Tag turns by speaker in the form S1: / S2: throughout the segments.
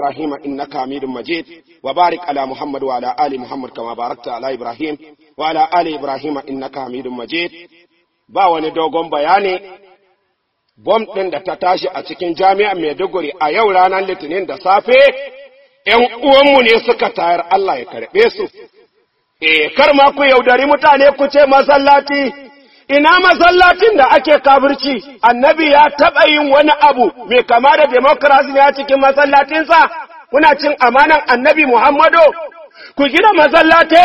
S1: إبراهيم إنك حميد مجيد وبارك على محمد وعلى آل محمد كما باركت على إبراهيم وعلى آل إبراهيم إنك حميد مجيد ba wani dogon bayani bom ɗin da ta tashi a cikin jami'an Maiduguri a yau ranar Litinin da safe ‘yan uwanmu ne suka tayar Allah ya karɓe su, e, kar ma ku yaudari mutane ku ce masallaci ina masallacin da ake kabirci? annabi ya taɓa yin wani abu mai kama da demokrasi ya cikin masallacinsa kuna cin amanan annabi muhammadu ku gina masallace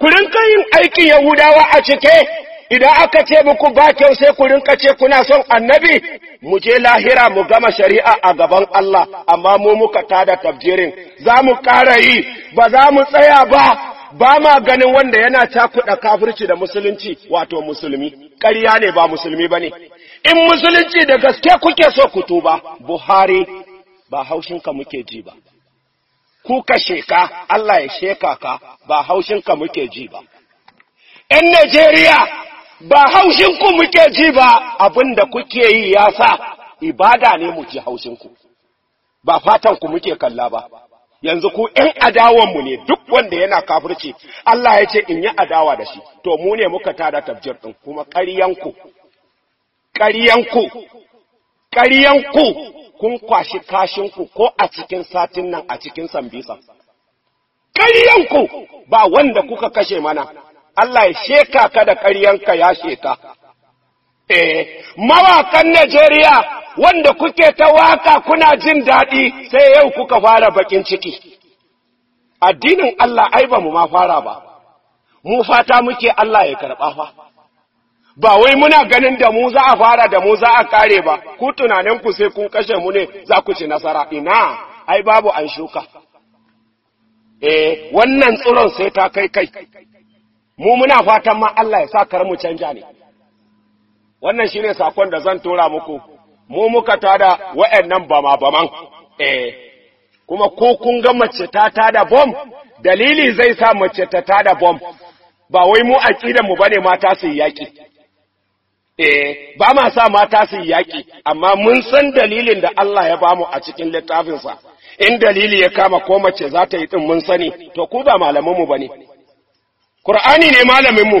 S1: ku rinka yin aikin yahudawa a cike idan aka ce muku ba kyau sai ku rinka ce kuna son annabi mu je lahira mu gama shari'a a gaban Allah amma mu muka tada tafjirin za mu ƙara yi ba za mu tsaya ba ba ma ganin wanda yana cakuɗa kafirci da musulunci wato musulmi ƙarya ne ba musulmi ba ne in musulunci da gaske kuke so ku tuba buhari ba haushinka muke ji ba ku sheka allah ya sheka ka ba haushinka muke ji ba ‘yan Najeriya ba haushinku muke ji ba abin da kuke yi ya sa ibada ne mu ji haushinku, ba fatanku muke kalla ba, yanzu ku ‘yan adawanmu ne duk wanda yana kafirci, Allah ya ce in yi adawa da shi, to mu ne muka tada tabjir ɗin kuma ƙaryanku, ƙaryanku, ƙaryanku kun kwashi kashinku ko a cikin satin nan a cikin sambisan. Ƙaryanku ba wanda kuka kashe mana, Allah ya sheka ka da ƙaryanka ya sheka. Eh, mawakan Najeriya wanda kuke ta waka kuna jin daɗi sai yau kuka fara bakin ciki addinin Allah ai ba mu ma fara ba mu fata muke Allah ya karɓa fa ba wai muna ganin da mu za a fara da mu za a kare ba ku tunaninku sai kun kashe mu ne za ku ci nasara ina ai babu an shuka eh wannan tsiron sai ta kai kai mu muna fatan ma Allah ya sa kar mu canja ne wannan shine sakon da zan tura muku mu muka tada wa'annan bama baman eh kuma ko kun ga mace ta tada bom dalili zai sa mace ta tada bom ba wai mu aqidan mu bane mata su yaki eh ba ma sa mata su yaki amma mun san dalilin da Allah ya bamu a cikin littafinsa in dalili ya kama ko mace za ta yi din mun sani to ku ba malaman mu bane Qur'ani ne malamin mu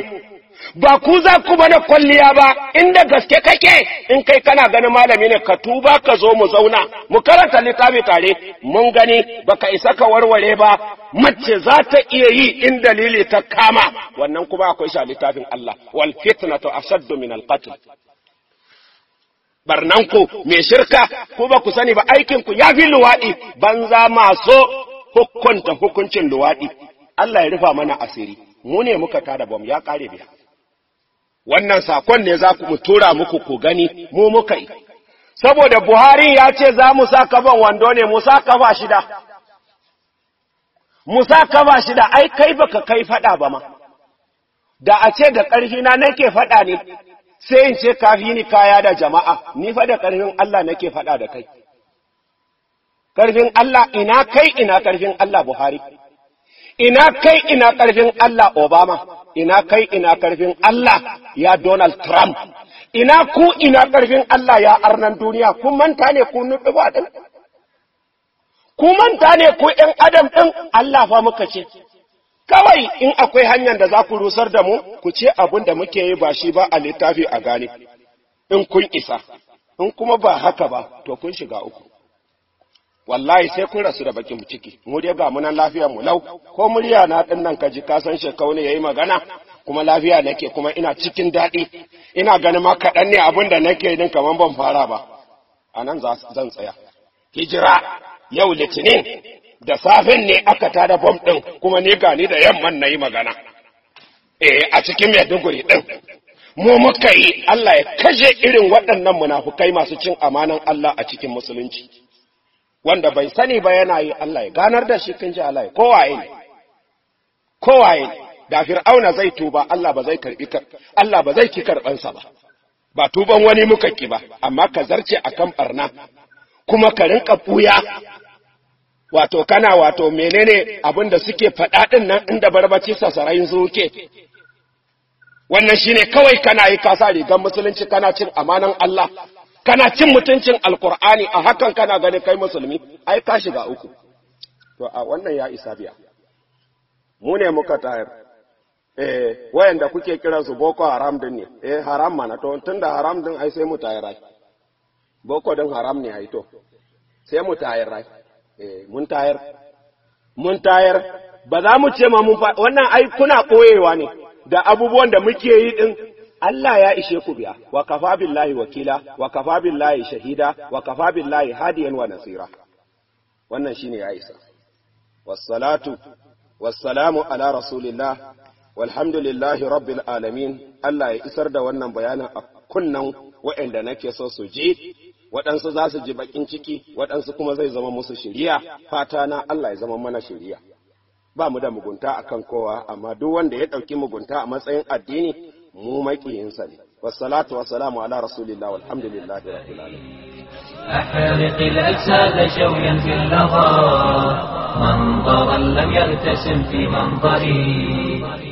S1: ba ku za ku bada kwalliya ba inda gaske kake in kai kana ganin malami ne ka tuba ka zo mu zauna mu karanta littafi tare mun gani baka isa ka warware ba mace za ta iya yi in dalili ta kama wannan kuma akwai shi littafin Allah wal fitnatu ashaddu min al qatl ku me shirka ku ba ku sani ba aikinku ya fi luwaɗi banza masu hukunta hukuncin luwaɗi Allah ya rufa mana asiri mu ne muka tada bom ya kare biya wannan sakon ne za ku tura muku ku gani mu muka yi saboda buhari ya ce za mu sa kafan wando ne mu sa kafa shida mu sa kafa shida ai kai baka kai faɗa ba ma da a ce da ƙarfi na nake faɗa ne sai in ce kafi ni kaya da jama'a ni fa da ƙarfin Allah nake fada da kai ƙarfin Allah ina kai ina ƙarfin Allah buhari ina kai ina ƙarfin Allah Obama, ina kai ina ƙarfin Allah ya Donald Trump, ina ku ina ƙarfin Allah ya arnan duniya, ku manta ne ku nuɗuɓa ɗin? Ku manta ne ku ‘yan adam ɗin Allah fa muka ce, kawai in akwai hanyar da za ku rusar da mu, ku ce abin da muke yi ba shi ba a littafi a gane, in kun isa, in kuma ba haka ba, to kun shiga uku. wallahi sai kun rasu da bakin ciki mu dai ga munan lafiya mu lau ko murya na din nan kaji ka san shekau ne yayi magana kuma lafiya nake kuma ina cikin daɗi ina ganin ma kaɗan ne abin da nake din kaman ban fara ba a nan zan tsaya hijira yau litinin da safin ne aka tada bom ɗin kuma ni gani da yamman na yi magana eh a cikin maiduguri ɗin mu muka yi Allah ya kashe irin waɗannan munafukai masu cin amanan Allah a cikin musulunci wanda bai sani ba yana yi Allah ya ganar da shi kin Allah kowaye ne kowaye ne da fir'auna zai tuba Allah ba zai karbi Allah ba zai ki karban ba ba tuban wani muka ki ba amma ka zarce akan barna kuma ka rinka buya wato kana wato menene abin da suke faɗa ɗin nan inda barbaci sasarayin zuke wannan shine kawai kana yi kasa rigar musulunci kana cin amanan Allah kana cin mutuncin alkur'ani a hakan kana gani kai musulmi ai ka shiga uku to a wannan ya isa biya mu ne muka tayar eh wayanda kuke kira su boko haram din ne eh haram mana to tunda haram din ai sai mu tayar ai boko din haram ne ai to sai mu tayar ai eh mun tayar mun tayar ba za mu ce ma mun wannan ai kuna koyewa ne da abubuwan da muke yi din Allah ya ishe ku biya wa kafa billahi wakila wa kafa billahi shahida wa kafa billahi hadiyan wa nasira wannan shine ya isa wassalatu wassalamu ala rasulillah walhamdulillahi rabbil alamin Allah ya isar da wannan bayanin a kunnan waɗanda nake so su ji waɗansu za su ji bakin ciki waɗansu kuma zai zama musu shiriya fata na Allah ya zama mana shiriya ba mu da mugunta akan kowa amma duk wanda ya ɗauki mugunta a matsayin addini mu makiyinsa والصلاة والسلام على رسول الله والحمد لله رب العالمين أحرق الأجساد شويا في اللظى منظرا لم يرتسم في منظري